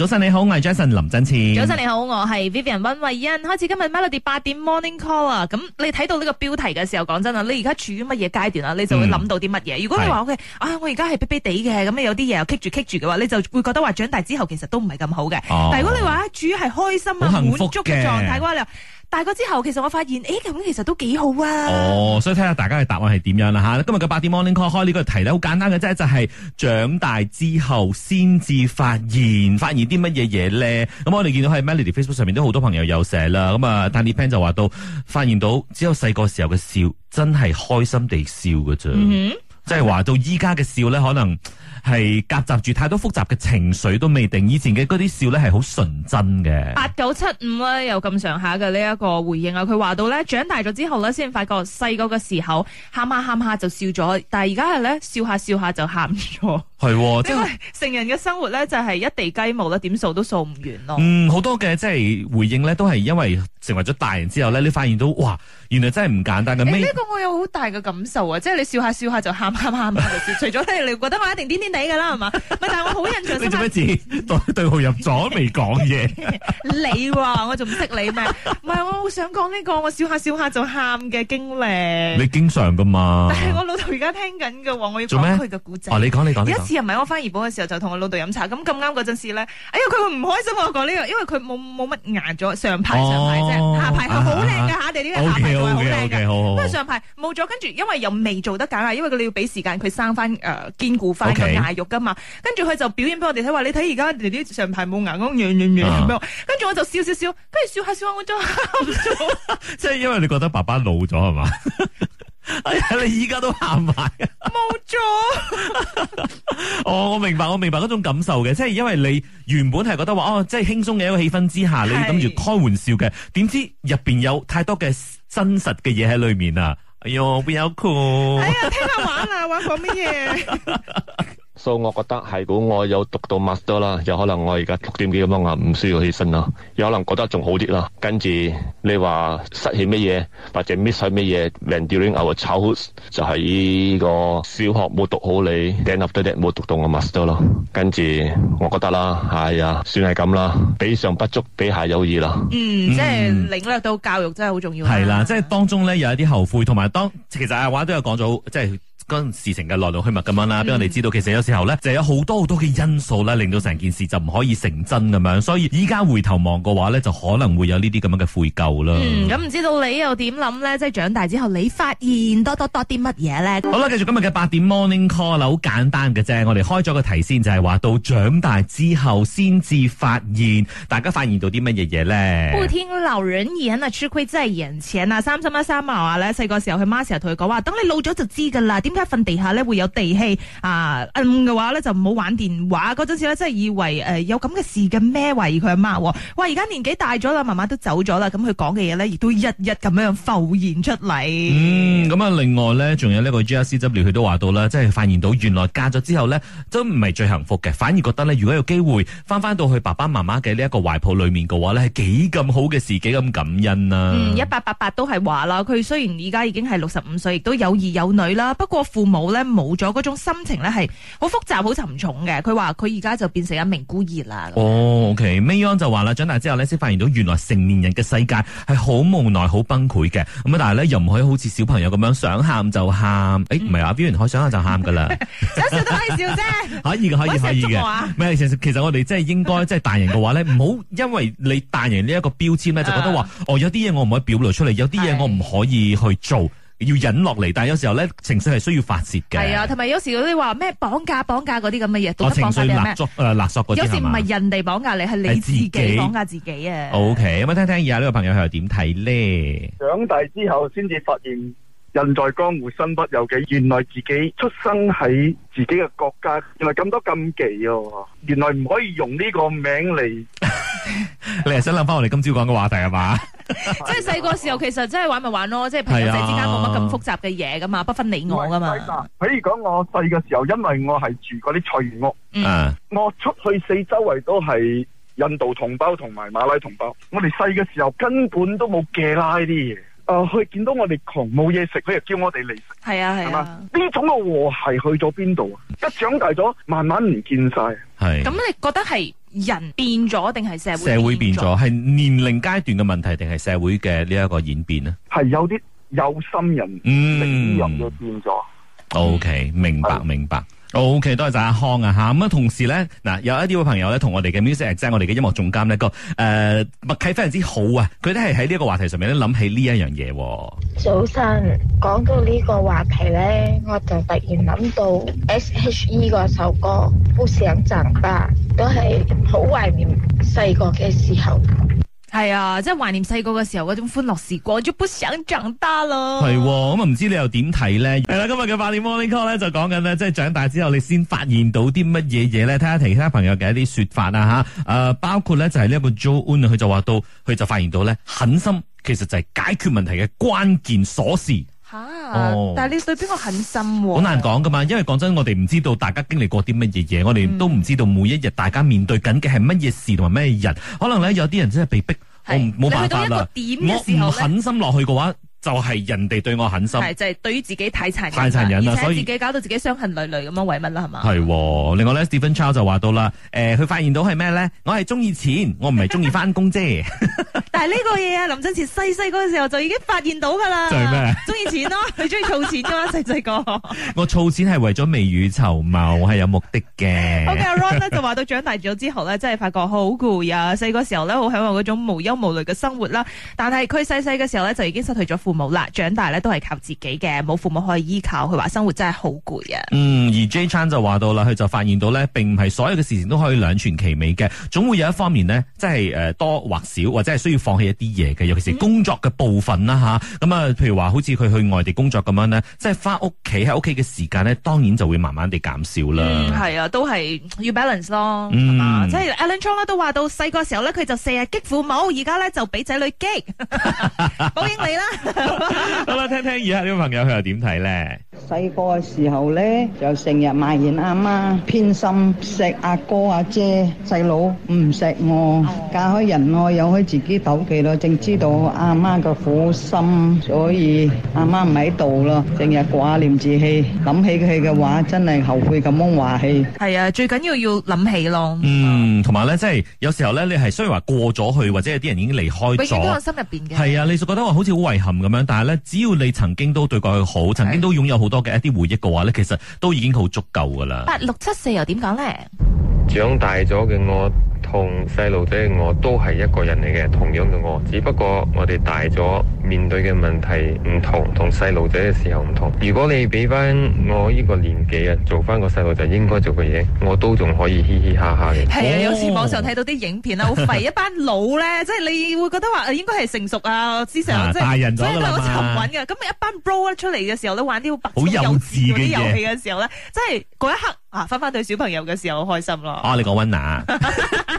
早晨你好，我係 Jason 林振次。早晨你好，我係 Vivian 溫慧欣。開始今日 Melody 八點 Morning Call 啊，咁你睇到呢個標題嘅時候，講真啊，你而家處於乜嘢階段啊？你就會諗到啲乜嘢？如果你話我嘅啊，我而家係逼逼地嘅，咁有啲嘢又棘住棘住嘅話，你就會覺得話長大之後其實都唔係咁好嘅、哦。但如果你話啊，主要係開心啊，滿足嘅狀態嘅話，你。大個之後，其實我發現，誒，咁其實都幾好啊。哦，所以睇下大家嘅答案係點樣啦吓。今日嘅八點 morning call 開呢個題咧，好簡單嘅啫，就係長大之後先至發現，發現啲乜嘢嘢咧？咁我哋見到喺 Melody Facebook 上面都好多朋友有寫啦。咁啊 Daniel Pan 就話到發現到只有細個時候嘅笑，真係開心地笑嘅啫。即係話到依家嘅笑咧，可能。係夾雜住太多複雜嘅情緒都未定，以前嘅嗰啲笑咧係好純真嘅。八九七五咧有咁上下嘅呢一個回應啊，佢話到咧長大咗之後咧先發覺細個嘅時候喊下喊下就笑咗，但係而家係咧笑下笑下就喊咗。係，因爲成人嘅生活咧就係一地雞毛啦，點數都數唔完咯。嗯，好多嘅即係回應咧都係因爲。成為咗大人之後咧，你發現到哇，原來真係唔簡單嘅。呢、欸這個我有好大嘅感受啊！即係你笑下笑下就喊喊喊下笑，除咗咧你，你覺得我一定癲癲地噶啦，係 嘛？但係我好印象深刻你。 你做乜字對號入咗未講嘢？你？我仲識你咩？唔 係，我好想講呢、這個我笑下笑下就喊嘅經歷。你經常噶嘛？但係我老豆而家聽緊嘅話，我要講佢嘅故仔、哦。你講你講，有一次唔係我翻怡保嘅時候，就同我老豆飲茶，咁咁啱嗰陣時咧，哎呀，佢會唔開心我講呢、這個，因為佢冇冇乜牙咗，上排上排、哦哦、下排係好靚噶，我哋呢個下排係好靚噶，因為上排冇咗，跟住因為又未做得夠啊，因為佢哋要俾時間佢生翻誒堅固翻個牙肉噶嘛，跟住佢就表演俾我哋睇，話你睇而家我哋啲上排冇牙咁樣樣樣，跟住我就笑笑笑，笑，笑，笑，笑，笑，笑笑，跟住笑下笑下我就即係因為你覺得爸爸老咗係嘛？ 哎呀！你依家都喊埋，冇錯。 哦，我明白，我明白嗰種感受嘅，即係因為你原本係覺得話哦，即係輕鬆嘅一個氣氛之下，你諗住開玩笑嘅，點知入邊有太多嘅真實嘅嘢喺裏面啊！哎喲不 i 酷 哎呀，聽下玩啊，玩講乜嘢？ 所以我覺得係咁，我有讀到 master 啦，有可能我而家六點幾咁樣啊，唔需要起身啦，有可能覺得仲好啲啦。跟住你話失去乜嘢，或者 miss 咗乜嘢？When during our childhood 就係呢個小學冇讀好你，then after that 冇讀到個 master 咯。跟住我覺得啦，係啊，算係咁啦，比上不足，比下有餘啦。嗯，即係領略到教育真係好重要。係啦，即係當中咧有一啲後悔，同埋當其實阿華都有講咗，即係。事情嘅來龍去脈咁樣啦，俾我哋知道，其實有時候呢就是、有好多好多嘅因素咧，令到成件事就唔可以成真咁樣。所以依家回頭望嘅話呢，就可能會有呢啲咁樣嘅悔疚啦。嗯，咁、嗯、唔知道你又點諗呢？即、就、係、是、長大之後，你發現多多多啲乜嘢呢？好啦，繼續今日嘅八點 Morning Call，好簡單嘅啫。我哋開咗個題先就，就係話到長大之後先至發現，大家發現到啲乜嘢嘢呢？天鬧人嘢啊！吃虧真係人情啊！三心啊三毛啊呢，細個時候佢媽成日同佢講話：，等你老咗就知噶啦。一瞓地下咧會有地氣啊，暗、嗯、嘅話咧就唔好玩電話。嗰陣時咧真係以為誒、呃、有咁嘅事嘅咩？懷疑佢阿媽。哇！而家年紀大咗啦，媽媽都走咗啦。咁佢講嘅嘢咧亦都日日咁樣浮現出嚟。嗯，咁啊，另外咧仲有呢個 GRCW 佢都話到啦，即係發現到原來嫁咗之後咧真唔係最幸福嘅，反而覺得咧如果有機會翻翻到去爸爸媽媽嘅呢一個懷抱裏面嘅話咧，係幾咁好嘅事，幾咁感恩啊、嗯。一八八八都係話啦，佢雖然而家已經係六十五歲，亦都有兒有女啦，不過。父母咧冇咗嗰種心情咧，係好複雜、好沉重嘅。佢話佢而家就變成一名孤兒啦。哦，OK，Mayon 就話啦，長大之後咧，先發現到原來成年人嘅世界係好無奈、好崩潰嘅。咁但係咧又唔可以好似小朋友咁樣想喊就喊。誒、欸，唔係、嗯、啊，表然可想喊就喊噶啦，想， 笑都可以笑啫， 可以嘅，可以嘅，可以嘅。其實其實我哋即係應該，即係大人嘅話咧，唔好因為你大人呢一個標籤咧，就覺得話、嗯、哦，有啲嘢我唔可以表露出嚟，有啲嘢我唔可以去做。要忍落嚟，但係有時候咧，情緒係需要發洩嘅。係啊，同埋有時嗰啲話咩綁架、綁架嗰啲咁嘅嘢，情緒、呃、勒索，誒嗰啲係嘛？有時唔係人哋綁架你，係你自己綁架自己啊。OK，咁啊，聽聽以下呢個朋友係點睇咧？長大之後先至發現人在江湖身不由己，原來自己出生喺自己嘅國家，原來咁多禁忌哦、啊，原來唔可以用呢個名嚟。 你係想諗翻我哋今朝講嘅話題係嘛？ 即係細個時候，其實真係玩咪玩咯，即、就、係、是、朋友仔、啊、之間冇乜咁複雜嘅嘢，噶嘛，不分你我噶嘛。係，譬如講我細嘅時候，因為我係住嗰啲菜園屋，嗯，我出去四周圍都係印度同胞同埋馬拉同胞，我哋細嘅時候根本都冇嘅啦呢啲嘢。啊、呃！佢見到我哋窮冇嘢食，佢又叫我哋嚟食。係啊係啊，呢、啊、種嘅和諧去咗邊度啊？一長大咗，慢慢唔見晒。係。咁你覺得係人變咗，定係社會變？社會變咗，係年齡階段嘅問題，定係社會嘅呢一個演變咧？係有啲有心人，融入咗變咗。OK，明白明白。OK，多謝阿康啊吓，咁啊同時咧，嗱有一啲位朋友咧，同我哋嘅 music 即係我哋嘅音樂總監咧個誒默契非常之好啊，佢都係喺呢個話題上面咧諗起呢一樣嘢。早晨講到呢個話題咧，我就突然諗到 S H E 嗰首歌《不想長大》，都係好懷念細個嘅時候。係啊，即係懷念細個嘅時候嗰種歡樂時光，就不想長大咯。係咁啊，唔知你又點睇咧？係啦，今日嘅八點 morning call 呢，就講緊呢，即係長大之後你先發現到啲乜嘢嘢呢？睇下其他朋友嘅一啲說法啊吓。包括呢，就係呢一個 Joan 佢就話到，佢就發現到呢，「狠心」其實就係解決問題嘅關鍵鎖匙。吓、啊哦，但係你對邊個狠心？好難講噶嘛，因為講真，我哋唔知道大家經歷過啲乜嘢嘢，我哋都唔知道每一日大家面對緊嘅係乜嘢事同埋咩人。可能呢有啲人真係被逼。我唔冇辦法啦，我唔狠心落去嘅話。就係、是、人哋對我狠心，對就是、對自己太殘忍了，太殘忍啦！所以自己搞到自己傷痕累累咁樣為乜啦？係嘛？喎、哦，另外咧，Stephen Chow 就話到啦，誒、呃，佢發現到係咩咧？我係中意錢，我唔係中意返工啫。 但係呢個嘢啊， 林真賢細細嗰時時候就已經發現到㗎啦。做、就、咩、是？中意錢咯，佢中意儲錢㗎嘛，細細個。 時候 我儲錢係為咗未雨綢繆，係有目的嘅。OK，阿 Ron 就話到長大咗之後咧， 真係發覺好攰啊！細個時候呢，好享受嗰種無憂無慮嘅生活啦、啊，但係佢細細嘅時候呢，就已經失去咗父。冇啦，長大咧都係靠自己嘅，冇父母可以依靠，佢話生活真係好攰啊！嗯，而 J. Chan 就話到啦，佢就發現到咧，並唔係所有嘅事情都可以兩全其美嘅，總會有一方面呢，即係誒多或少，或者係需要放棄一啲嘢嘅，尤其是工作嘅部分啦吓。咁、嗯、啊，譬如話好似佢去外地工作咁樣呢，即係返屋企喺屋企嘅時間呢，當然就會慢慢地減少啦。係、嗯、啊，都係要 balance 咯，即係 Alexandra 都話到細個時候咧，佢就成日激父母，而家咧就俾仔女激，寶 英你里啦。 好啦，聽聽以下呢位朋友佢又點睇咧？細個嘅時候咧，就成日埋怨阿媽偏心，錫阿哥阿姐細佬唔錫我，嫁開人咯，有佢自己鬥氣咯，淨知道阿媽嘅苦心，所以阿媽唔喺度咯，成日掛念自氣，諗起佢嘅話，真係後悔咁樣話氣。係啊，最緊要要諗起咯。嗯，同埋咧，即係有時候咧，你係雖然話過咗去，或者有啲人已經離開咗，始終都喺心入邊嘅。係啊，你就覺得話好似好遺憾咁樣，但係咧，只要你曾經都對過佢好，曾經都擁有好多。多嘅一啲回憶嘅話咧，其實都已經好足夠噶啦。八六七四又點講咧？長大咗嘅我同細路仔嘅我都係一個人嚟嘅，同樣嘅我，只不過我哋大咗。面對嘅問題唔同，同細路仔嘅時候唔同。如果你俾翻我呢個年紀啊，做翻個細路仔應該做嘅嘢，我都仲可以嘻嘻哈哈嘅。係啊，oh. 有時網上睇到啲影片啊，好肥一班佬咧， 即係你會覺得話啊，應該係成熟啊，思想、啊、即係大人咗啦嘛。所以好沉穩嘅，咁一班 bro 出嚟嘅時候咧，玩啲好白痴幼稚嗰啲遊戲嘅時候咧， 即係嗰一刻啊，翻翻對小朋友嘅時候，好開心咯、啊。哦、oh, 啊，你講溫娜，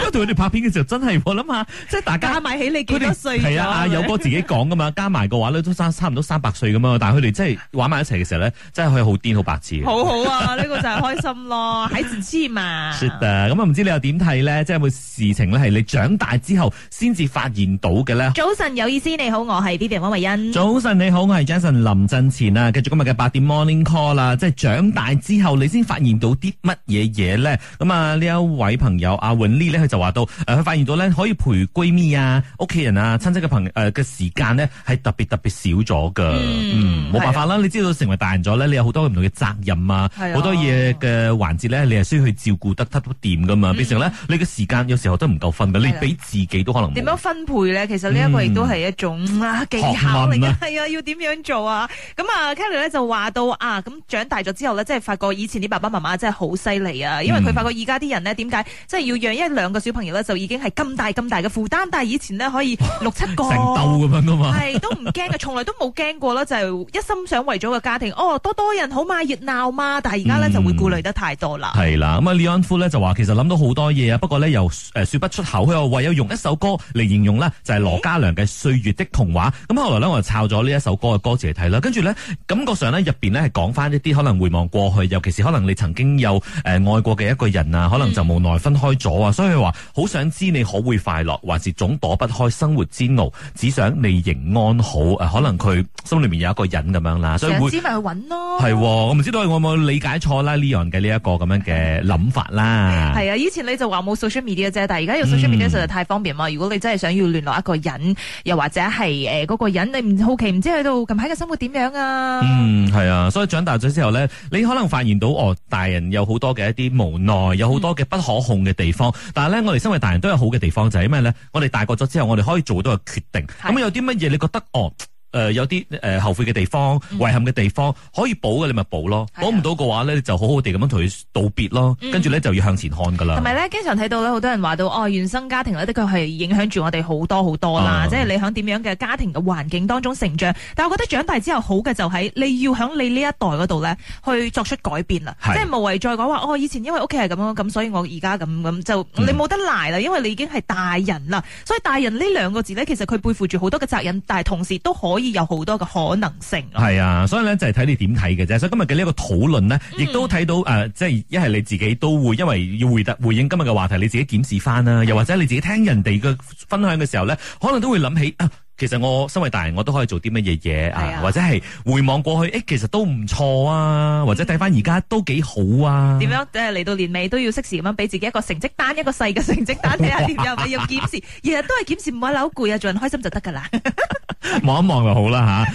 因為同佢哋拍片嘅時候真係我諗下，即係大家咪起你幾多歲？係啊，阿友哥自己講噶嘛。 加埋嘅話咧，都差差唔多三百歲咁啊！但係佢哋真係玩埋一齊嘅時候咧，真係可以好癲好白痴。好好啊，呢、這個就係開心咯，喺度黐嘛。係啊，咁啊，唔、嗯、知你又點睇咧？即係有冇事情咧，係你長大之後先至發現到嘅咧？早晨有意思，你好，我係 BTV 黃慧欣。早晨你好，我係 Jason 林振前啊。繼續今日嘅八點 Morning Call 啦、啊，即係長大之後你先發現到啲乜嘢嘢咧？咁、嗯、啊，呢一位朋友阿 y u n 佢就話到，誒、呃，佢發現到咧，可以陪閨蜜啊、屋企人啊、親戚嘅朋誒嘅、呃、時間咧。係特別特別少咗噶，嗯，冇辦法啦。啊、你知道成為大人咗咧，你有好多唔同嘅責任啊，好、啊、多嘢嘅環節咧，你係需要去照顧得得掂噶嘛。變、嗯、成咧，你嘅時間有時候都唔夠分㗎。你俾自己都可能點樣分配咧？其實呢一個亦都係一種、嗯、技巧嚟㗎，係啊，要點樣做啊？咁啊，Kelly 咧就話到啊，咁、啊、長大咗之後咧，即係發覺以前啲爸爸媽媽真係好犀利啊，因為佢發覺而家啲人咧，點解即係要養一兩個小朋友咧，就已經係咁大咁大嘅負擔，但係以前咧可以六七個 成斗咁樣噶嘛。 都唔驚嘅，從來都冇驚過啦，就係一心想為咗個家庭。哦，多多人好嘛，熱鬧嘛，但係而家呢、嗯，就會顧慮得太多啦。係啦，咁啊李安夫咧就話其實諗到好多嘢啊，不過呢，又誒說不出口。佢話唯有用一首歌嚟形容呢，就係羅嘉良嘅《歲月的童話》。咁、嗯、後來呢，我就抄咗呢一首歌嘅歌詞嚟睇啦，跟住呢，感覺上呢，入邊呢，係講翻一啲可能回望過去，尤其是可能你曾經有誒愛過嘅一個人啊，可能就無奈分開咗啊、嗯，所以話好想知你可會快樂，還是總躲不開生活煎熬，只想你仍。安好，誒，可能佢心裏面有一個人咁樣啦，所以想知咪去揾囉，係，我唔知道我有冇理解錯啦 Leon 嘅呢一個咁樣嘅諗法啦。係 啊，以前你就話冇 social media 啫，但係而家有 social media，實在太方便嘛、嗯。如果你真係想要聯絡一個人，又或者係誒嗰個人，你唔好奇唔知去到近排嘅生活點樣啊？嗯，係啊，所以長大咗之後咧，你可能發現到哦，大人有好多嘅一啲無奈，有好多嘅不可控嘅地方。嗯、但係咧，我哋身為大人，都有好嘅地方，就係咩咧？我哋大個咗之後，我哋可以做到個決定。咁有啲乜嘢你？得哦。誒、呃，有啲誒、呃、後悔嘅地方、遺憾嘅地方，嗯、可以補嘅你咪補咯，補唔到嘅話咧，你就好好地咁樣同佢道別咯，跟住咧就要向前看噶啦。同埋咧，經常睇到呢，好多人話到哦，原生家庭呢，的確係影響住我哋好多好多啦，嗯、即係你喺點樣嘅家庭嘅環境當中成長，但係我覺得長大之後好嘅就喺你要響你呢一代嗰度咧去作出改變啦，即係無謂再講話哦，以前因為屋企係咁樣咁，所以我而家咁咁就、嗯、你冇得賴啦，因為你已經係大人啦，所以大人呢兩個字咧，其實佢背負住好多嘅責任，但係同時都可。可以有好多嘅可能性。係啊，所以咧就係睇你點睇嘅啫。所以今日嘅呢個討論咧，亦、嗯、都睇到誒，即係一係你自己都會因為要回答回應今日嘅話題，你自己檢視翻啦。又或者你自己聽人哋嘅分享嘅時候咧，可能都會諗起啊，其實我身為大人，我都可以做啲乜嘢嘢啊，或者係回望過去，誒、欸，其實都唔錯啊，或者睇翻而家都幾好啊。點樣即係嚟到年尾都要適時咁樣俾自己一個成績單，一個細嘅成績單睇下點，又要檢視，日日都係檢視唔係扭攰啊，做人開心就得噶啦。 望一望就好啦吓。哈。